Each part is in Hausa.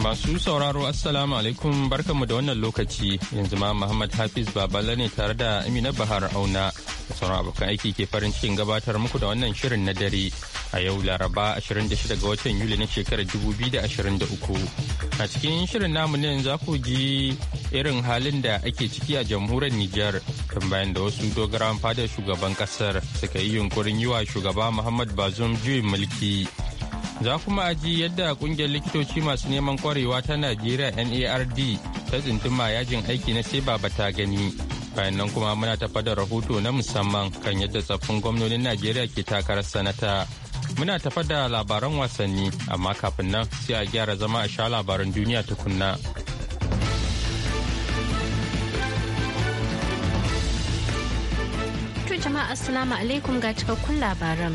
Masu sauraro Assalamu alaikum barkanmu da wannan lokaci yanzu ma Muhammad Hafiz Babala ne tare da Amina Bahar Auna da sauran abokan aiki ke farin cikin gabatar muku da wannan shirin na dare a yau Laraba 26 ga watan Yuli na shekarar 2023. A cikin shirin namu ne za ku ji irin halin da ake ciki a jamhuriyar Nijar tun bayan da wasu dogarawan fadar shugaban kasar suka yi yunkurin yi wa shugaba Muhammad Bazoum juyin mulki. Za kuma ji yadda kungiyar likitoci masu neman kwarewa ta Najeriya NARD ta tsintuma yajin aiki na sai ba ta gani. Bayan nan kuma muna tafa da rahoto na musamman kan yadda tsaffin gwamnonin Najeriya ke takarar sanata. Muna tafa da labaran wasanni amma kafin nan sai a gyara zama a sha labaran duniya tukunna. jama'a assalamu alaikum ga cikakkun labaran.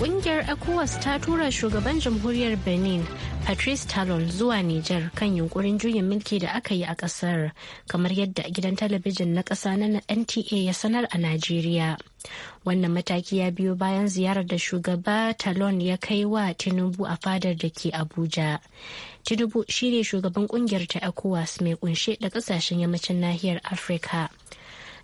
kungiyar ecowas ta tura shugaban jamhuriyar benin patrice talon zuwa niger kan yunkurin juyin mulki da aka yi a kasar kamar yadda gidan talabijin na kasa na nta ya sanar a najeriya wannan mataki ya biyo bayan ziyarar da shugaba talon ya kai wa tinubu a fadar da ke abuja tinubu shine shugaban kungiyar ta ecowas mai kunshe da kasashen yammacin nahiyar afirka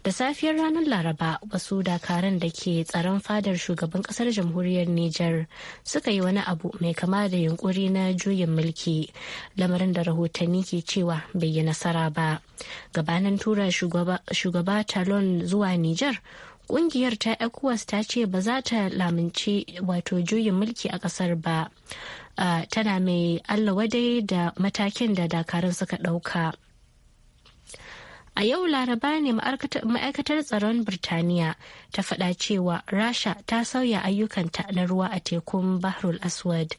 da safiyar ranar laraba wasu dakaran da ke tsaron fadar shugaban kasar jamhuriyar niger suka yi wani abu mai kama da yunkuri na juyin mulki lamarin da rahotanni ke cewa bai yi nasara ba gabanin tura shugaba talon zuwa niger kungiyar ta ecowas ta ce ba za ta lamunci wato juyin mulki a kasar ba tana mai allawa dai da matakin da dakarun suka dauka. a yau laraba ne ma'aikatar tsaron birtaniya ta faɗa cewa rasha ta sauya ayyukanta na ruwa a tekun bahrul aswad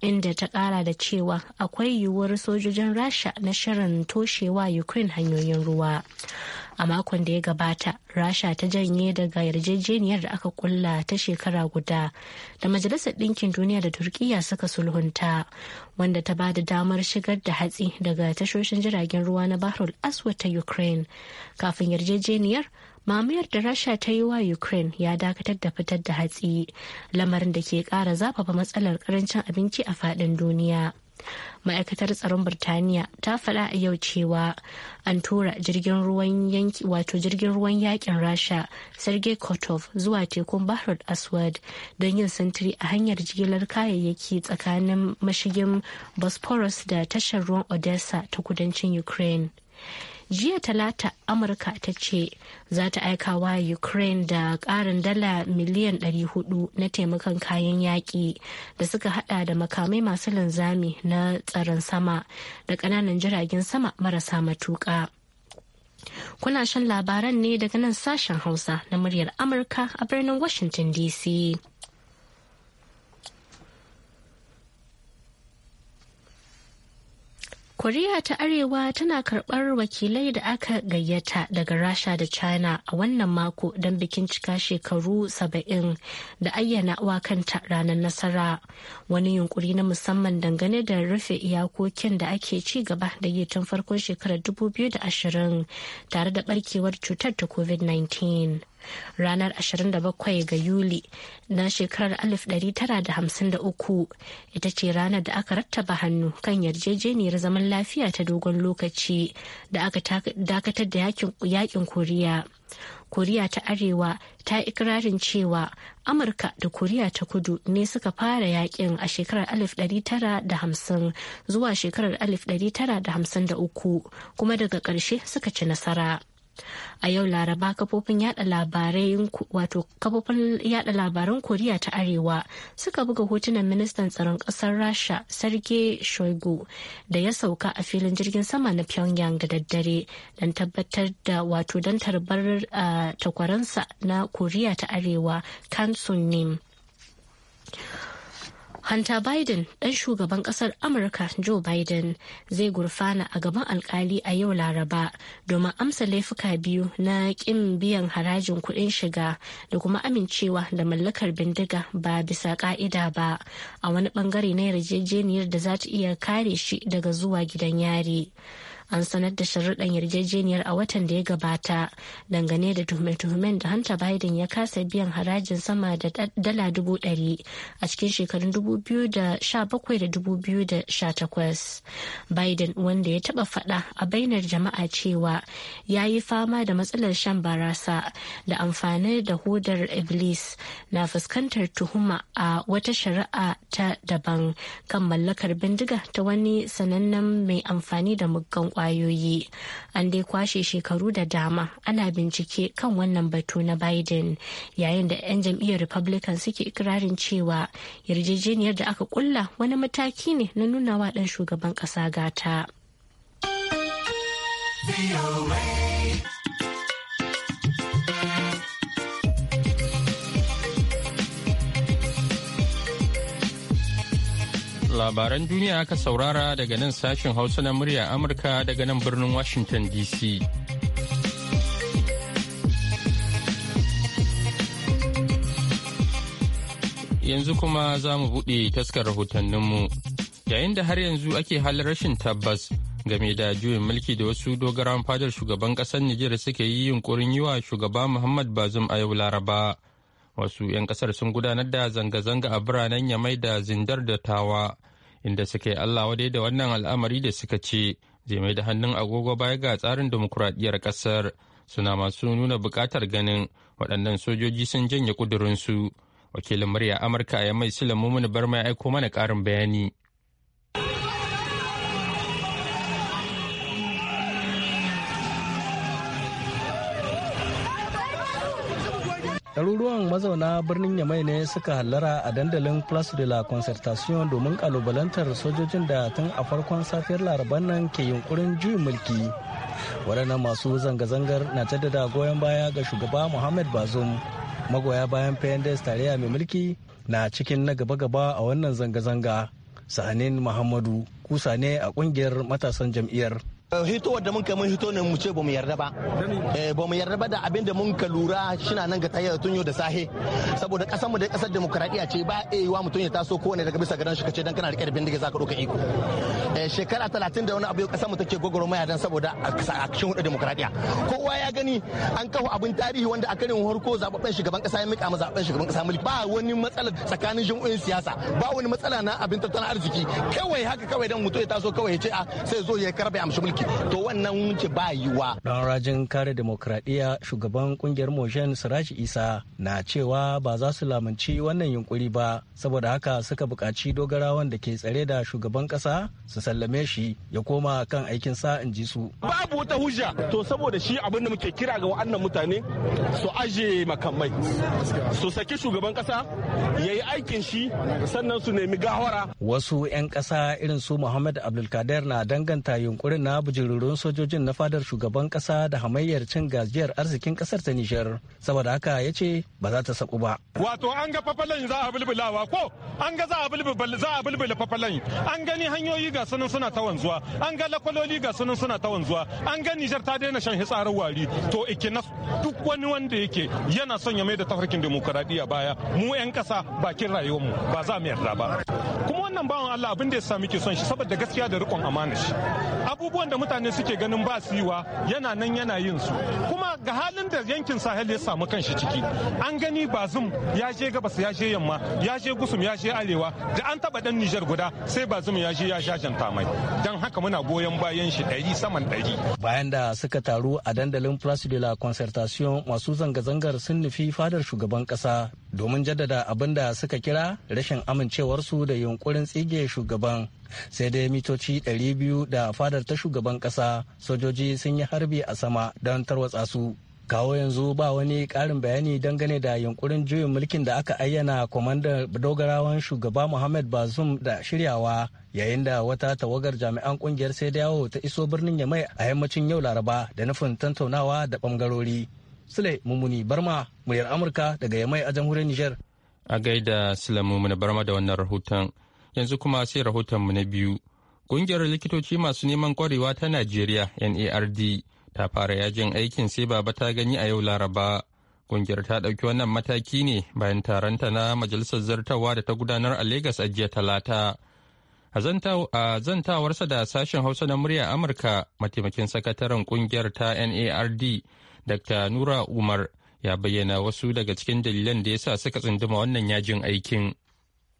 inda ta ƙara da cewa akwai yiwuwar sojojin rasha na shirin toshewa ukraine hanyoyin ruwa a makon da ya gabata rasha ta janye daga yarjejeniyar da aka kulla ta shekara guda da majalisar ɗinkin duniya da turkiya suka sulhunta wanda ta ba da damar shigar da hatsi daga tashoshin jiragen ruwa na bahrul aswa ta ukraine kafin yarjejeniyar mamayar da rasha ta yi wa ukraine ya dakatar da fitar da hatsi lamarin da ke ƙara zafafa matsalar karancin abinci a faɗin duniya. ma'aikatar tsaron birtaniya ta faɗa a yau cewa an tura jirgin ruwan yanki wato jirgin ruwan yakin rasha sergei kotov zuwa tekun bahar aswad don yin sintiri a hanyar jigilar kayayyaki tsakanin mashigin bosphorus da tashar ruwan odessa ta kudancin ukraine jiya talata amurka ta ce za ta aika wa ukraine da karin dala miliyan 400 na taimakon kayan yaƙi da suka hada da makamai masu linzami na tsaron sama da ƙananan jiragen sama marasa matuƙa kuna shan labaran ne daga nan sashen hausa na muryar amurka a birnin washington dc Koriya ta Arewa tana karɓar wakilai da aka gayyata daga Rasha da China a wannan mako don bikin cika shekaru saba'in da ayyana wa kanta ranar nasara. Wani yunkuri na musamman dangane da rufe iyakokin da ake ci gaba da yi tun farkon shekarar 2020 tare da barkewar cutar ta COVID-19. ranar 27 ga Yuli na shekarar 1953 ita ce ranar da aka rattaba hannu kan yarjejeniyar zaman lafiya ta dogon lokaci da aka dakatar da yakin Koriya. Koriya ta Arewa ta ikirarin cewa Amurka da Koriya ta Kudu ne suka fara yakin a shekarar 1950 zuwa shekarar 1953 kuma daga ƙarshe suka ci nasara. a yau laraba kafofin yada labarai wato kafofin yada labaran koriya ta arewa suka buga hotunan ministan tsaron kasar rasha sergei shoigu da ya sauka a filin jirgin sama na pyongyang da daddare don tabbatar da wato don tarbar takwaransa na koriya ta arewa Kansun nim Hunter Biden ɗan shugaban ƙasar Amurka Joe Biden zai gurfana a gaban alkali a yau Laraba domin amsa laifuka biyu na ƙin biyan harajin kuɗin shiga da kuma amincewa da mallakar bindiga ba bisa ƙa'ida ba a wani ɓangare na yarjejeniyar da za ta iya kare shi daga zuwa gidan yari. an sanar da sharuɗan yarjejeniyar a watan da ya gabata dangane da tuhume-tuhumen da hanta biden ya kasa biyan harajin sama da dala dubu ɗari a cikin shekarun dubu biyu da sha bakwai da dubu biyu da sha takwas biden wanda ya taɓa faɗa a bainar jama'a cewa ya yi fama da matsalar shan barasa da amfani da hudar iblis na fuskantar tuhuma a wata shari'a ta daban kan mallakar bindiga ta wani sanannen mai amfani da muggan kwayoyi an dai kwashe shekaru da dama ana bincike kan wannan batu na biden yayin da 'yan jam'iyyar republican suke ikirarin cewa yarjejeniyar da aka kulla wani mataki ne na nuna wa ɗan shugaban ƙasa gata. labaran duniya aka saurara daga nan sashen hausa na murya amurka daga nan birnin washington dc yanzu kuma za mu buɗe taskar rahotanninmu yayin da har yanzu ake halin rashin tabbas game da juyin mulki da wasu dogaran fadar shugaban ƙasar Nijar suke yi yunkurin yi wa shugaba Muhammad Bazum a yau Laraba. Wasu 'yan ƙasar sun gudanar da zanga-zanga a biranen Yamai da Zindar da Tawa inda suka yi Allah wadai da wannan al'amari da suka ce zai mai da hannun agogo baya ga tsarin demokuraɗiyyar ƙasar suna masu nuna buƙatar ganin waɗannan sojoji sun janye ƙudurinsu wakilin murya amurka ya mai silan mumun bar mai aiko mana ƙarin bayani ɗaruruwan mazauna birnin yamai ne suka hallara a dandalin place de la concertation domin kalubalantar sojojin da tun a farkon safiyar laraban nan ke yunkurin juyin mulki waɗannan masu zanga-zangar na jaddada goyon baya ga shugaba muhammad bazoum magoya bayan pnds tarayya mai mulki na cikin na gaba-gaba a wannan zanga-zanga sanin muhammadu kusa ne a ƙungiyar matasan jam'iyyar Eh, hitowar da mun kai mun hito ne mu ce bamu yarda ba eh, bamu yarda ba da abin da mun ka lura shina nan ga tayar tun yau da sahe saboda kasar mu da kasar demokradiya ce ba wa mutum ya taso kowane daga bisa garan shi kace dan kana rike da bindiga zaka doka iko eh, shekara 30 da wani abu kasar mu take gogoromaya dan saboda a cikin hudu demokradiya kowa ya gani an kafa abin tarihi wanda a karin harko zababben shugaban kasa ya mika ma zababben shugaban kasa mulki ba wani matsala tsakanin jami'an siyasa ba wani matsala na abin tattalin arziki kawai haka kawai dan mutum ya taso kawai ya ce a ah, sai zo ya karbe amshi mulki mulki to wannan wuce ba yiwa don rajin kare demokradiyya shugaban kungiyar motion siraji isa na cewa ba za su lamunci wannan yunkuri ba saboda haka suka bukaci dogarawan da ke tsare da shugaban ƙasa su sallame shi ya koma kan aikin sa in ji su babu wata hujja to saboda shi abin da muke kira ga wa'annan mutane su aje makamai su saki shugaban ƙasa ya yi aikin shi sannan su nemi gawara wasu 'yan ƙasa irin su muhammad abdulkader na danganta yunkurin na bujirorin sojojin na fadar shugaban kasa da hamayyar cin gajiyar arzikin kasar ta Nijar. Saboda haka ya ce ba za ta saku ba. Wato an ga fafalan za a bulbulawa ko an ga za a bulbula za an gani hanyoyi ga sunan suna ta wanzuwa an ga lakwaloli ga sunan suna ta wanzuwa an ga Nijar ta daina shan hitsarin wari to na duk wani wanda yake yana son ya mai da tafarkin demokaradiyya baya mu 'yan kasa bakin rayuwar mu ba za mu yarda ba. Kuma wannan bawan Allah abin da ya sa muke son shi saboda gaskiya da rikon amana shi. Abubuwan da mutane suke ganin ba su yi wa yana nan yana yin su kuma ga halin da yankin sahel ya samu kanshi ciki an gani bazum ya je gabas ya je yamma ya je gusum ya je arewa da an taba dan nijar guda sai bazum ya je ya shajanta mai dan haka muna goyon bayan shi ɗari saman ɗari bayan da suka taru a dandalin place de la concertation masu zanga-zangar sun nufi fadar shugaban kasa domin jaddada abin da suka kira rashin amincewarsu da yunkurin tsige shugaban sai dai mitoci 200 da fadar ta shugaban kasa sojoji sun yi harbi a sama don tarwatsa su kawo yanzu ba wani karin bayani dangane da yunkurin juyin mulkin da aka ayyana kwamandan dogarawan shugaba muhammad bazum da shiryawa yayin da wata tawagar jami'an kungiyar sai yawo ta iso birnin yamai a yammacin yau laraba da nufin tantaunawa da bangarori sule mummuni barma muryar amurka daga yamai a jamhuriyar niger a gaida sule mummuni barma da wannan rahoton yanzu kuma sai rahotonmu na biyu ƙungiyar likitoci masu neman ƙwarewa ta najeriya nard ta fara yajin aikin sai baba ta gani a yau laraba ƙungiyar ta ɗauki wannan mataki ne bayan taronta na majalisar zartawa da ta gudanar a Legas a jiya talata a zantawarsa da sashen hausa na murya amurka mataimakin sakataren ƙungiyar ta nard dr nura umar ya bayyana wasu daga cikin dalilan da ya sa suka tsunduma wannan yajin aikin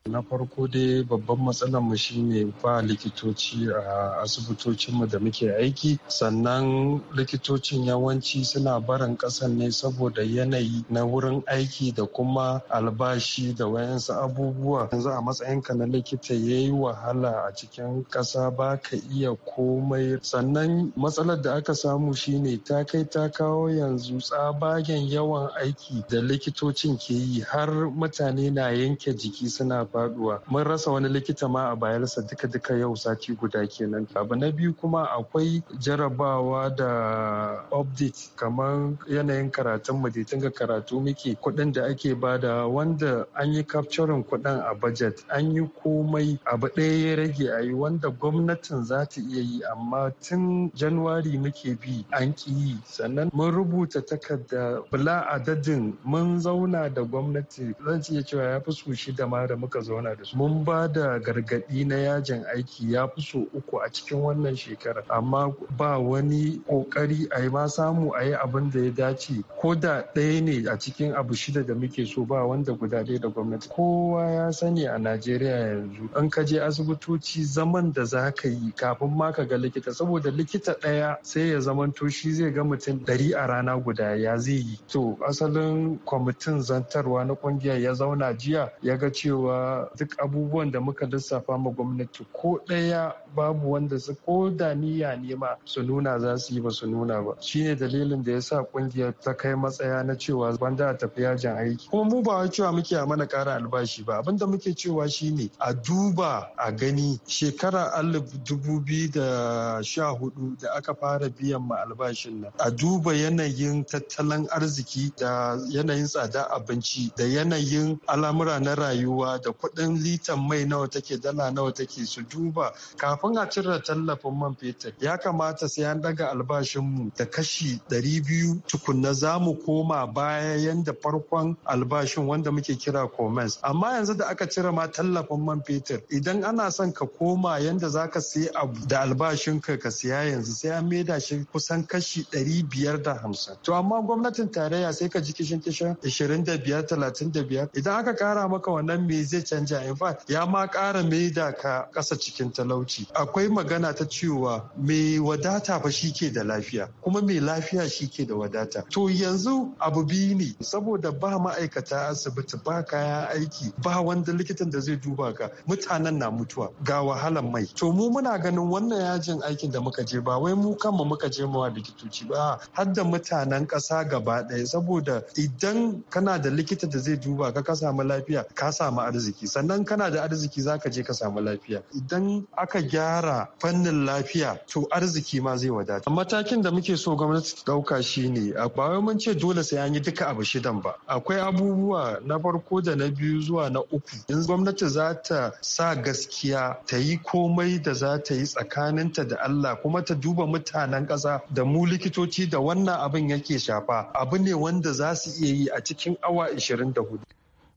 Na farko dai babban matsalar mu shine ba likitoci a asibitocin mu da muke aiki sannan likitocin yawanci suna barin kasan ne saboda yanayi na wurin aiki da kuma albashi da wayansu abubuwa yanzu a matsayinka na likita ya yi wahala a cikin ƙasa ba ka iya komai sannan matsalar da aka samu shine ta kai ta kawo yanzu tsabagen yawan aiki da likitocin ke yi har mutane na yanke jiki suna faduwa mun rasa wani likita ma a bayarsa duka duka yau sati guda kenan abu na biyu kuma akwai jarabawa da update kamar yanayin karatun mu da tunga karatu muke kuɗin da ake bada wanda an yi capturing kuɗin a budget an yi komai abu ɗaya ya rage a yi wanda gwamnatin za ta iya yi amma tun januwari muke bi an ki yi sannan mun rubuta takarda bula adadin mun zauna da gwamnati zan iya cewa ya fi su shida ma da muka zauna da su mun ba da gargaɗi na yajin aiki ya fi so uku a cikin wannan shekarar amma ba wani ƙoƙari a yi ma samu a yi abin da ya dace ko da ɗaya ne a cikin abu shida da muke so ba wanda guda ɗaya da gwamnati kowa ya sani a najeriya yanzu an ka je asibitoci zaman da za ka yi kafin ma ka ga likita saboda likita ɗaya sai ya zamanto shi zai ga mutum ɗari a rana guda ya zai yi to asalin kwamitin zantarwa na ƙungiyar ya zauna jiya ya ga cewa duk abubuwan da muka lissafa ma gwamnati ko ɗaya babu wanda su ko da niyya ne ma su nuna za su yi ba su nuna ba shine dalilin da ya sa kungiyar ta kai matsaya na cewa banda a tafi yajin aiki kuma mu ba cewa muke a mana ƙara albashi ba abinda muke cewa shine a duba a gani shekara alif dubu biyu da sha hudu da aka fara biyan ma albashin nan a duba yanayin tattalin arziki da yanayin tsada abinci da yanayin al'amura na rayuwa da Kudin litan mai nawa take dala nawa take su duba kafin a cire tallafin man fetur ya kamata sai an daga albashinmu da kashi 200 biyu tukunna za mu koma baya yanda farkon albashin wanda muke kira commerce amma yanzu da aka cire ma tallafin man fetur idan ana son ka koma yanda za ka sayi abu da albashin ka ka siya yanzu sai an maida shi kusan kashi ɗari da hamsin to amma gwamnatin tarayya sai ka ji kishin kishin ishirin da idan aka kara maka wannan me zai canja in fact ya ma ƙara maida ka ƙasa cikin talauci akwai magana ta cewa mai wadata fa shi ke da lafiya kuma mai lafiya shi ke da wadata to yanzu abu biyu ne saboda ba ma'aikata asibiti ba kaya aiki ba wanda likitan da zai duba ka mutanen na mutuwa ga wahalan mai to mu muna ganin wannan yajin aikin da muka je ba wai mu kanmu muka je mawa likitoci ba har da mutanen ƙasa gaba ɗaya saboda idan kana da likita da zai duba ka ka samu lafiya ka samu arziki arziki sannan kana da arziki zaka je ka samu lafiya idan aka gyara fannin lafiya to arziki ma zai wadata matakin da muke so gwamnati ta dauka shine a wai mun ce dole sai an yi duka abu shidan ba akwai abubuwa na farko da na biyu zuwa na uku in gwamnati za ta sa gaskiya ta yi komai da za ta yi tsakaninta da Allah kuma ta duba mutanen ƙasa da mu likitoci da wannan abin yake shafa abu ne wanda za su iya yi a cikin awa 24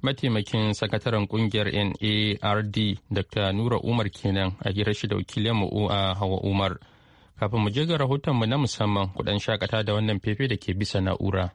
mataimakin sakataren kungiyar nard dr nura umar kenan a hira shi da wakilin mu a uh, hawa umar kafin mu je ga rahotonmu na musamman kudan shakata da wannan fefe da ke bisa na'ura.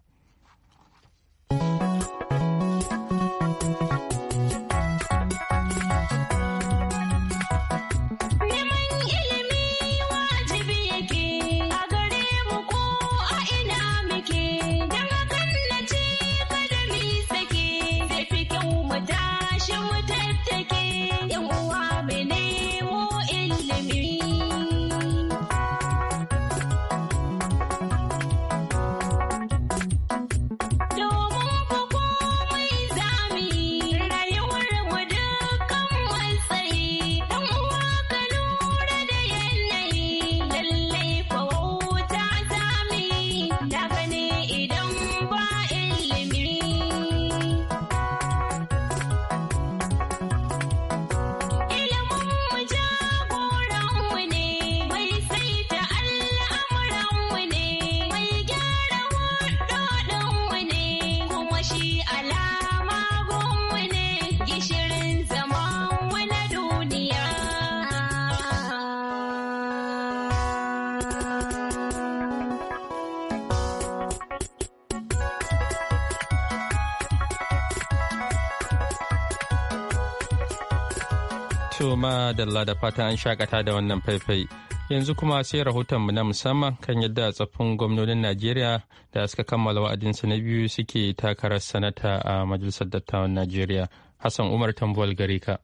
To ma dalla da fata an shakata da wannan faifai. Yanzu kuma sai rahoton mu na musamman kan yadda tsaffin gwamnonin Najeriya da suka kammala wa'adin wa'adinsu na biyu suke takarar sanata a Majalisar Dattawan Najeriya. Hassan Umar Tambuwal Garika.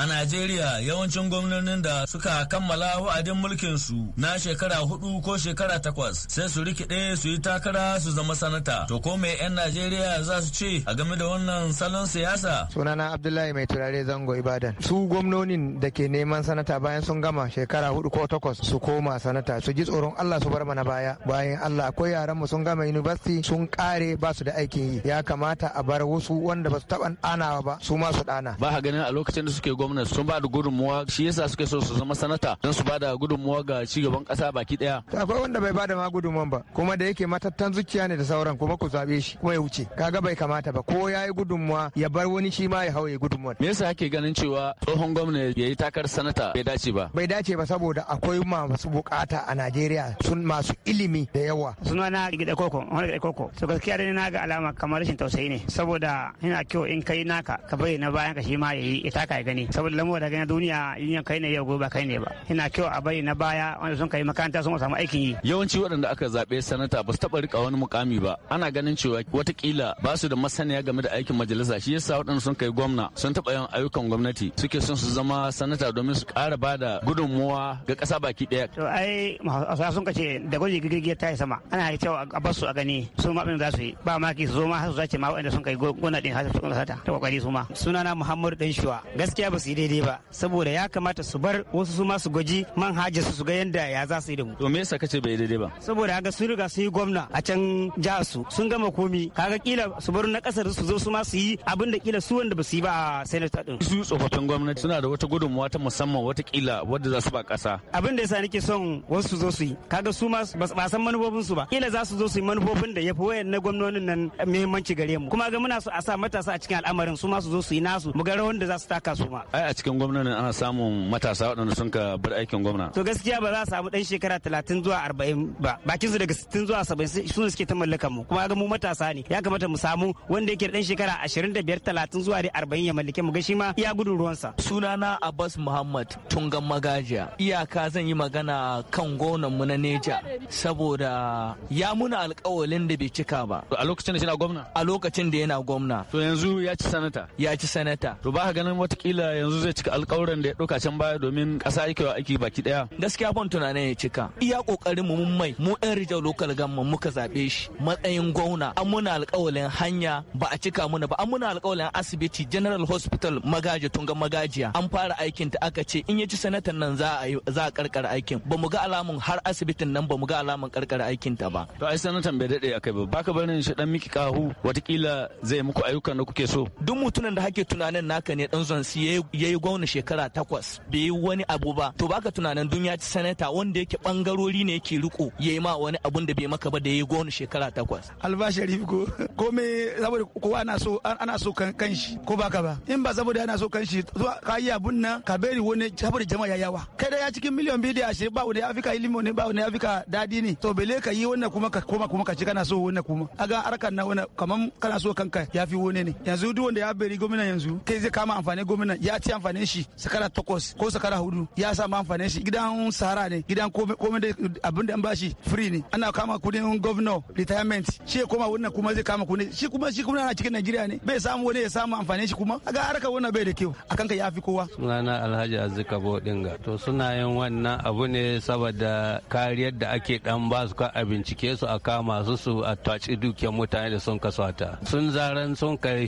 A Najeriya yawancin gwamnonin da suka kammala wa'adin mulkin su na shekara hudu ko shekara takwas sai su rikide su yi takara su zama sanata. To ko me 'yan Najeriya za su ce a game da wannan salon siyasa? Sunana Abdullahi Mai Turare Zango Ibadan. Su gwamnonin da ke neman sanata bayan sun gama shekara hudu ko takwas su koma sanata su ji tsoron Allah su bar mana baya. Bayan Allah akwai yaran mu sun gama university sun kare ba su da aikin yi. Ya kamata a bar wasu wanda ba su taɓa ɗanawa ba su ma su ɗana. Ba ganin a lokacin da suke gwamna sun ba da gudunmuwa shi yasa suke so su zama sanata don su ba da gudunmuwa ga gaban kasa baki daya akwai wanda bai ba da ma ba kuma da yake matattan zuciya ne da sauran kuma ku zabe shi kuma ya wuce kaga bai kamata ba ko yayi yi gudunmuwa ya bar wani shi ma ya hauye gudunmuwa me yasa ake ganin cewa tsohon gwamna ya yi takar sanata bai dace ba bai dace ba saboda akwai masu bukata a Najeriya sun masu ilimi da yawa na gida koko wani gida koko to gaskiya da na ga alama kamar rashin tausayi ne saboda ina kyau in kai naka ka bari na bayan ka shi ma yayi ita ka ya gani saboda lamura daga duniya in kai ne yau gobe ba kai ne ba ina kyau a bari na baya wanda sun kai makaranta sun samu aikin yi yawanci waɗanda aka zaɓe sanata ba su taɓa rika wani mukami ba ana ganin cewa watakila ba su da masaniya game da aikin majalisa shi yasa waɗanda sun kai gwamna sun taɓa yin ayyukan gwamnati suke son su zama sanata domin su ƙara ba da gudunmuwa ga ƙasa baki ɗaya. to ai hausa sun kace da gwaji girgiyar ta yi sama ana cewa a basu a gani su ma za su yi ba ma ki zo ma su zace ma waɗanda sun kai gwamna ɗin har su ta kokari su ma sunana muhammadu dan shuwa gaskiya ba su su yi daidai ba saboda ya kamata su bar wasu su ma su gwaji man su su ga yadda ya za su yi da mu to me yasa kace bai daidai ba saboda haka sun riga sun yi gwamna a can jihar su sun gama komi kaga kila su bar na kasar su zo su ma su yi abin da kila su wanda ba su yi ba a senator din su tsofaffin gwamnati suna da wata gudunmuwa ta musamman wata kila wadda za su ba kasa abin da yasa nake son wasu su zo su yi kaga su ma ba san manufofin su ba kila za su zo su yi manufofin da fi wayan na gwamnonin nan muhimmanci gare mu kuma ga muna so a sa matasa a cikin al'amarin su ma su zo su yi nasu mu ga rawan da za su taka su ma ai a cikin gwamnatin ana samun matasa waɗanda sun ka bar aikin gwamna to gaskiya ba za su samu ɗan shekara talatin zuwa arba'in ba bakin su daga sittin zuwa saba'in su suke ta mallakan mu kuma ga mu matasa ne ya kamata mu samu wanda yake da ɗan shekara ashirin da biyar talatin zuwa da arba'in ya mallake mu ga shi ma iya gudun ruwansa sunana abbas muhammad tungan magajiya iyaka zan yi magana kan gonan mu na neja saboda ya muna alkawalin da bai cika ba a lokacin da yana gwamna a lokacin da yana gwamna to yanzu ya ci sanata ya ci sanata to ba ka ganin watakila yanzu zai cika alkawuran da ya ɗauka can baya domin ƙasa yake wa aiki baki ɗaya. Gaskiya ban tunanin ya cika. Iya ƙoƙarin mu mun mai mu ɗan rijal lokal gamman muka zaɓe shi matsayin gwamna an muna alƙawalin hanya ba a cika muna ba an muna alƙawalin asibiti general hospital magaji tunga magajiya an fara aikin ta aka ce in ya ci sanatan nan za a za a karkara aikin ba mu ga alamun har asibitin nan ba mu ga alamun karkara aikin ta ba. To ai sanatan bai daɗe akai ba baka barin shi dan miki ƙahu watakila zai muku ayyukan da kuke so. Duk mutumin da hake tunanin naka ne dan zon siye ya yi gwamna shekara takwas bai yi wani abu ba to baka tunanin dun ya ci sanata wanda yake bangarori ne yake riko ya yi ma wani abun da bai maka ba da ya yi gwamna shekara takwas. alba sharif ko ko me saboda kowa ana so ana so kan shi ko baka ba in ba saboda ana so kan shi zuwa ka yi abun nan ka bari wani saboda jama'a ya yawa kai da ya cikin miliyan biyu da ashirin ba wani afirka ilimi ne ba wani afirka dadi ne to bele ka yi wannan kuma ka koma kuma ka ci kana so wannan kuma aga harkar na wannan kamar kana so kanka ya fi wani ne yanzu duk wanda ya bari gwamna yanzu kai zai kama amfani gwamna ya a ci amfanin shi sakara takwas ko sakara hudu ya samu amfanin shi gidan sahara ne gidan komai da abin da an bashi free ne ana kama kudin governor retirement shi koma wannan kuma zai kama kudin shi kuma shi kuma na cikin Najeriya ne bai samu wani ya samu amfanin shi kuma ga harkar wannan bai da kyau akan ka yafi kowa sunana Alhaji Azzika Bodinga to suna yin wannan abu ne saboda kariyar da ake dan ba su ka a bincike su a kama su su a taci dukiyar mutane da sun kasata sun zaran sun kai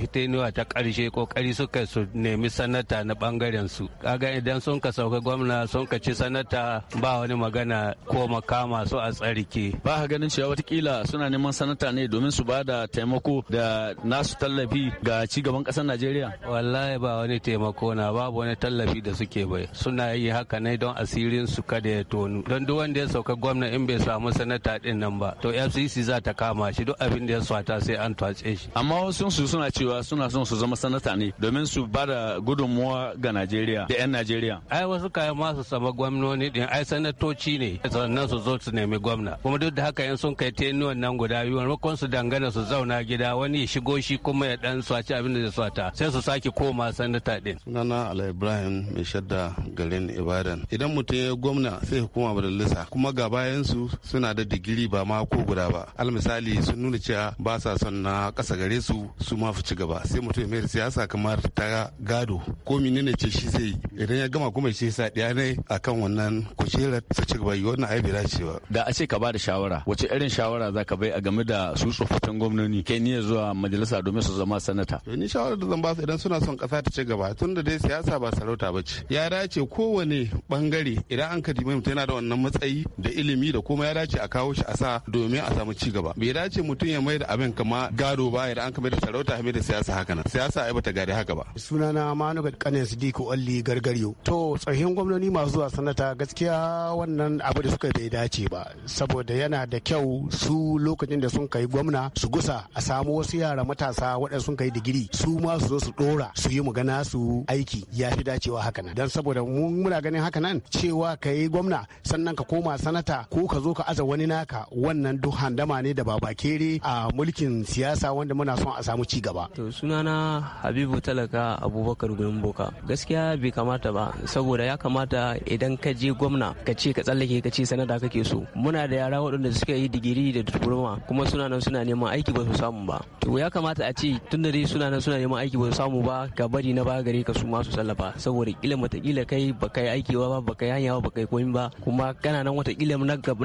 ta karshe kokari suka su nemi sanata na bangaren su kaga idan sun ka sauka gwamna sun ka ci sanata ba wani magana ko makama su a tsarike ba ka ganin cewa watakila suna neman sanata ne domin su ba da taimako da nasu tallafi ga ci gaban kasar najeriya wallahi ba wani taimako na babu wani tallafi da suke bai suna yi haka ne don asirin su kada ya tonu don duk wanda ya sauka gwamna in bai samu sanata din nan ba to fcc za ta kama shi duk abin da ya swata sai an twace shi amma wasu su suna cewa suna son su zama sanata ne domin su ba da gudunmuwa damuwa ga Najeriya da 'yan Najeriya. Ai wasu kayan ma su sama gwamnoni din ai sanatoci ne sannan su zo su nemi gwamna. Kuma duk da haka 'yan sun kai tenuwan nan guda biyu kuma su dangana su zauna gida wani ya shigo shi kuma ya dan swaci abin da ya swata sai su sake koma sanata din. Sunana Ala Ibrahim mai shadda garin Ibadan. Idan mutum ya gwamna sai hukuma majalisa kuma ga bayan su suna da digiri ba ma ko guda ba. almisali sun nuna cewa ba sa son na kasa gare su su ma fi ci gaba sai mutum ya mayar siyasa kamar ta gado ko menene ce shi zai yi idan ya gama kuma shi sa ɗaya ne kan wannan kujerar ta ci gaba yi wannan ai da cewa ba da a ce ka ba da shawara wace irin shawara za ka bai a game da su tsofaffin gwamnoni kai niyya zuwa majalisa domin su zama sanata to ni shawara da zan ba su idan suna son ƙasa ta ci gaba tun da dai siyasa ba sarauta ba ce ya dace kowane bangare idan an ka dima mutum yana da wannan matsayi da ilimi da kuma ya dace a kawo shi a sa domin a samu ci gaba bai dace mutum ya mai da abin kama gado ba idan an ka mai da sarauta mai da siyasa haka nan siyasa ai bata gari haka ba sunana manuka kanin Sidiku Alli Gargaryo. To tsohon gwamnoni masu zuwa sanata gaskiya wannan abu da suka bai dace ba saboda yana da kyau su lokacin da sun kai gwamna su gusa a samu wasu yara matasa waɗanda sun kai digiri su ma su zo su ɗora su yi magana su aiki ya fi dacewa haka nan. Don saboda muna ganin haka nan cewa ka yi gwamna sannan ka koma sanata ko ka zo ka aza wani naka wannan duk handama ne da babakere a mulkin siyasa wanda muna son a samu ci gaba. To sunana Habibu Talaka Abubakar Gumbo. doka gaskiya bai kamata ba saboda ya kamata idan ka je gwamna ka ce ka tsallake ka ce sanada kake so muna da yara waɗanda suka yi digiri da diploma kuma suna nan suna neman aiki ba su samu ba to ya kamata a ce tun da dai suna nan suna neman aiki ba su samu ba ka bari na ba gare ka su ma su tallafa saboda kila matakila kai ba kai aiki ba ba kai hanya ba kai komi ba kuma kana nan watakila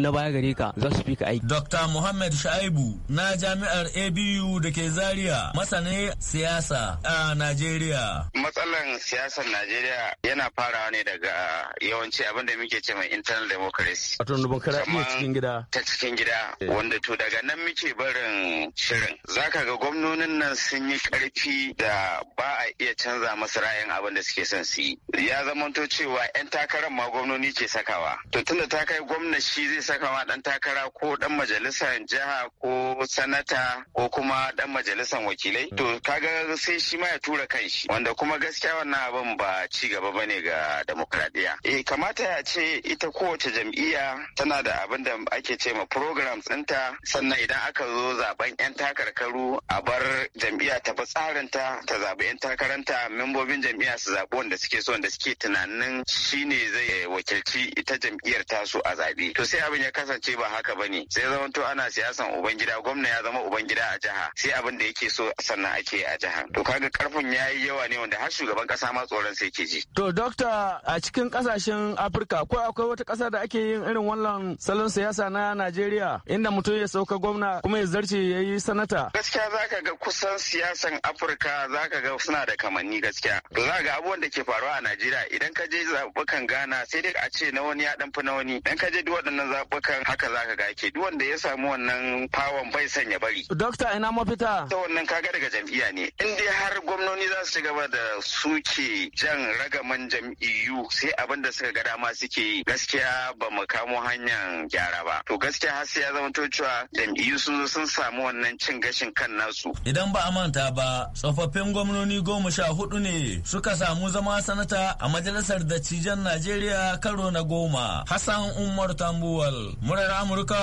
na baya gare ka za su fi ka aiki. Dr. Muhammad Shaibu na jami'ar ABU da ke Zaria masane siyasa a Najeriya. Matsalan siyasar Najeriya yana farawa ne daga yawanci abin da muke ce internal democracy. Wato cikin gida. Ta cikin gida eh. wanda to daga nan muke barin shirin. Zaka ga gwamnonin nan sun yi karfi da ba a iya canza masu ra'ayin abin da suke son su yi. Ya zamanto cewa 'yan takarar ma gwamnoni ke sakawa. To tunda ta kai gwamna shi zai saka ma ɗan takara ko ɗan majalisar jiha ko sanata ko kuma ɗan majalisar wakilai. To kaga sai shi ma ya tura kan shi wanda kuma gaskiya wannan abin ba ci gaba ba ne ga demokradiya. Eh kamata ya ce ita kowace jam'iyya tana da abin da ake ce ma program ɗinta sannan idan aka zo zaben 'yan takarkaru a bar jam'iyya ta bi tsarinta ta zaɓi 'yan takaranta membobin jam'iyya su zaɓi wanda suke so wanda suke tunanin shine zai wakilci ita jam'iyyar tasu a zaɓe. To sai abin ya kasance ba haka ba ne sai to ana siyasan ubangida gwamna ya zama ubangida a jiha sai abin da yake so sannan ake a jiha. To kaga karfin ya yi yawa ne wanda har shugaban kasa ma tsoron sai ke ji. To dokta a cikin kasashen Afirka ko akwai wata kasa da ake yin irin wannan salon siyasa na Najeriya inda mutum ya sauka gwamna kuma ya zarce ya yi sanata. Gaskiya zaka ga kusan siyasan Afirka zaka ga suna da kamanni gaskiya. Za ga abubuwan da ke faruwa a Najeriya idan ka je zaɓukan Ghana sai dai a ce na wani ya dan fi na wani. idan ka je duk waɗannan zaɓukan haka zaka ga ke duk wanda ya samu wannan fawon bai sanya bari. Dokta ina mafita. Ta wannan kaga daga jam'iyya ne. In dai har gwamnoni za su ci gaba da su ce jan ragaman jam'iyyu sai abin da suka ga dama suke yi gaskiya ba mu kamo hanyar gyara ba to gaskiya har sai ya zama to cewa jam'iyyu sun zo sun samu wannan cin gashin kan nasu idan ba a manta ba tsofaffin gwamnoni goma sha hudu ne suka samu zama sanata a majalisar dattijan najeriya karo na goma hassan umar tambuwal murar amurka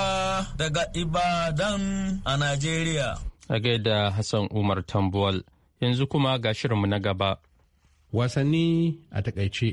daga ibadan a najeriya a gaida hassan umar tambuwal yanzu kuma ga shirinmu na gaba wasanni a takaice.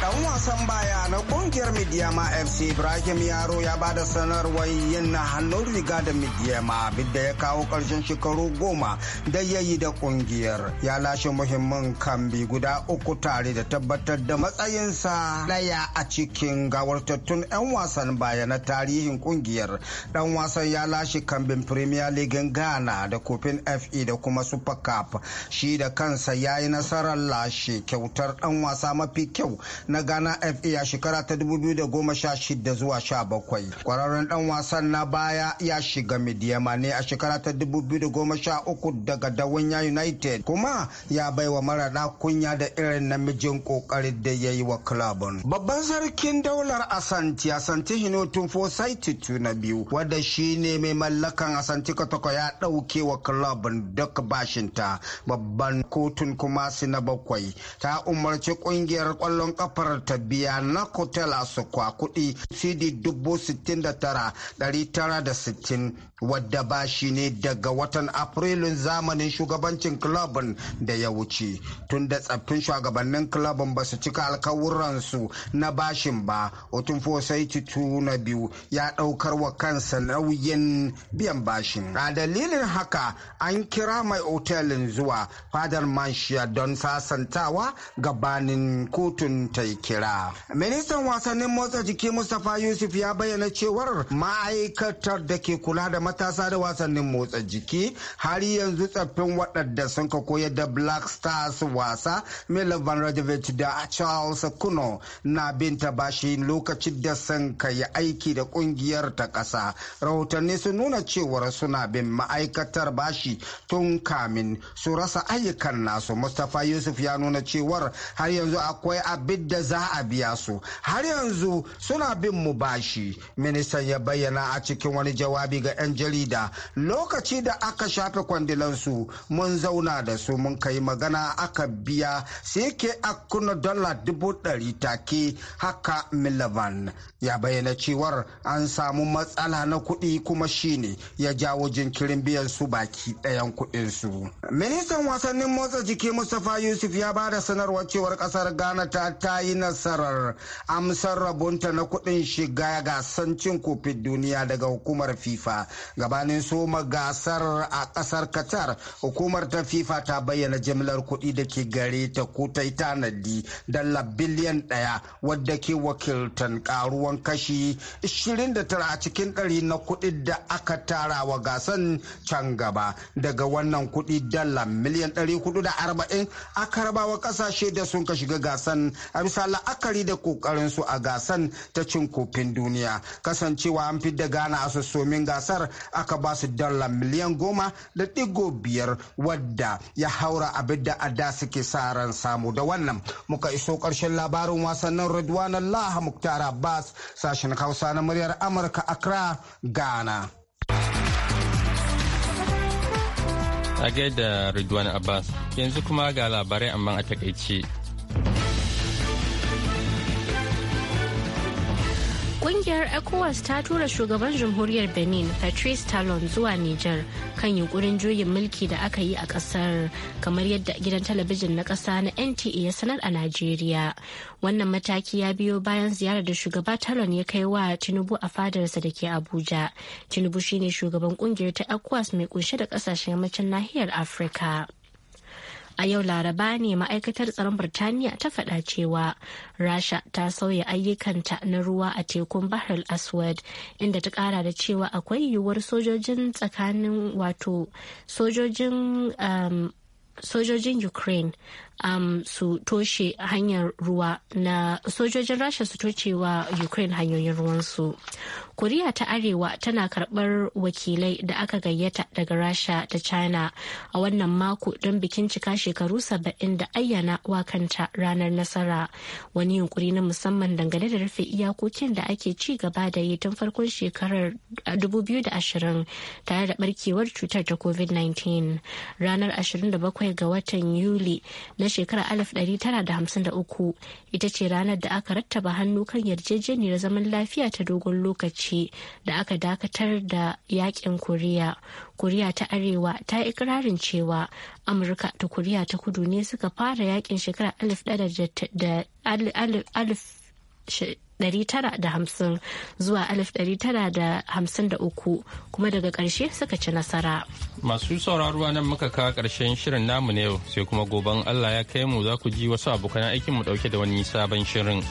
ɗan wasan baya na Kungiyar Midiyama FC Ibrahim Yaro ya ba da sanarwar yin hannun riga da Midiyama bidda ya kawo ƙarshen shekaru goma da ya yi da kungiyar. Ya lashe muhimmin kambi guda uku tare da tabbatar da matsayinsa ɗaya a cikin gawartattun 'yan wasan baya na tarihin kungiyar. Dan wasan ya lashe kambin Premier League Ghana da kofin FE da kuma Super Cup. Shi da kansa ya yi nasarar lashe kyautar ɗan wasa mafi kyau na Ghana FA e a shekara ta 2016 zuwa 17. Kwararren dan wasan na baya ya shiga midiyama ne a shekara ta 2013 daga Dawunya United kuma ya bai baiwa marada kunya da irin namijin kokarin da ya yi wa klabin. Babban sarkin daular Asanti Asanti Hinotun fosaiti tuna biyu wadda shi ne mai mallakan Asanti Kotoko ya ɗauke wa klabin duk bashinta babban kotun kuma na bakwai ta umarci kungiyar kwallon kafar ta biya na kota a Sukwa kuɗi CD dubu sittin da tara ɗari tara da sittin wadda ba shi ne daga watan Afrilun zamanin shugabancin klabin da ya wuce. Tun da tsaffin shugabannin klabin ba su cika alkawuransu na bashin ba, Otunfo Saititu na biyu ya ɗaukar wa kansa nauyin biyan bashin. A dalilin haka an kira mai otelin zuwa fadar manshiya don sasantawa gabanin kotun ta yi kira. Ministan wasannin motsa jiki Mustapha Yusuf ya bayyana cewar ma'aikatar da ke kula da matasa da wasannin motsa jiki har yanzu tsaffin waɗanda sun ka koyar da Black Stars wasa Milovan Radovic da Charles Kuno na binta bashi lokacin da sun ka yi aiki da ƙungiyar ta ƙasa. Rahotanni sun nuna cewar suna bin ma'aikatar bashi tun kamin su rasa ayyukan nasu. Mustapha Yusuf ya nuna cewar har yanzu akwai abin da za a biya su. Har har yanzu suna bin mu bashi ministan ya bayyana a cikin wani jawabi ga 'yan jarida lokaci da aka shafe kwandilansu mun zauna da su mun kai magana aka biya ke a dala dubu ɗari take haka milivan ya bayyana cewar an samu matsala na kuɗi kuma shine ya jawo jinkirin biyan su baki ɗayan kuɗin su ministan wasannin motsa jiki mustapha yusuf ya ba da sanarwar cewar ƙasar ghana ta yi nasarar am amsar rabonta na kudin shiga gasan cin kofin duniya daga hukumar fifa gabanin soma gasar a kasar qatar hukumar ta fifa ta bayyana jimlar kudi da ke gare ta ko ta yi tanadi dala biliyan ɗaya wadda ke wakiltan karuwan kashi 29 a cikin dari na kudi da aka tara wa gasan can gaba daga wannan kudi dala miliyan 440 aka rabawa kasashe da sun ka shiga gasan a bisa la'akari da su a gasan ta cin kofin duniya kasancewa an fidda ghana a sassomin gasar aka ba su dala miliyan goma da digo biyar wadda ya haura abin da a da suke sa ran samu da wannan muka iso karshen labarin wasannin Ridwan Allah Muktar Abbas sashen Hausa na muryar Amurka Accra Ghana. A da Ridwan Abbas yanzu kuma ga labarai amma a takaice. Kungiyar ECOWAS ta tura shugaban jamhuriyar Benin Patrice Talon zuwa Nijar kan yunkurin juyin mulki da aka yi a kasar kamar yadda gidan talabijin na kasa na NTA ya sanar a Najeriya. Wannan mataki ya biyo bayan ziyarar da shugaba Talon ya kai wa Tinubu a fadarsa da ke Abuja. Tinubu shine shugaban kungiyar ta ECOWAS mai kunshe da kasashen yammacin nahiyar Afirka. a yau laraba ne ma'aikatar tsaron birtaniya ta faɗa cewa rasha ta sauya ayyukanta na ruwa a tekun bahar aswad inda ta ƙara da cewa akwai yiwuwar sojojin tsakanin wato sojojin um, sojojin ukraine um, su toshe hanyar ruwa na sojojin rasha su toshe wa ukraine hanyoyin ruwansu koriya ta arewa tana karbar wakilai da aka gayyata daga rasha da china a wannan mako don bikin cika shekaru saba'in da ayyana wakanta ranar nasara wani yunkuri na musamman dangane da rufe iyakokin da ake ci gaba da yi tun farkon shekarar 2020 tare da barkewar cutar ta covid-19 ranar 27 ga watan yuli na shekarar uku ita ce ranar da aka rattaba hannu kan yarjejeniyar zaman lafiya ta dogon lokaci da aka dakatar da yakin koriya koriya ta arewa ta ikirarin cewa amurka ta koriya ta kudu ne suka fara yakin shekarar 1950 1950 zuwa 1953 kuma daga ƙarshe suka ci nasara. Masu sauraro nan muka kawo ƙarshen shirin namu na yau sai kuma goben Allah ya kai mu za ku ji wasu abokan aikin mu ɗauke da wani sabon shirin.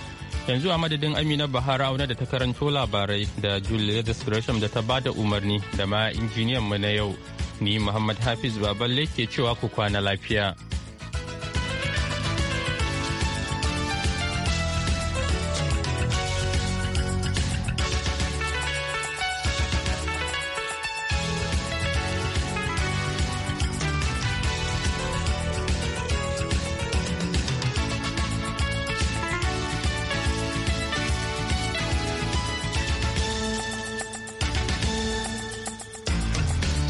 Yanzu a madadin Amina Bahara auna da ta karanto labarai da Julia da da ta bada umarni da ma injiniyan mu na yau. Ni Muhammad Hafiz Baballe ke cewa ku kwana lafiya.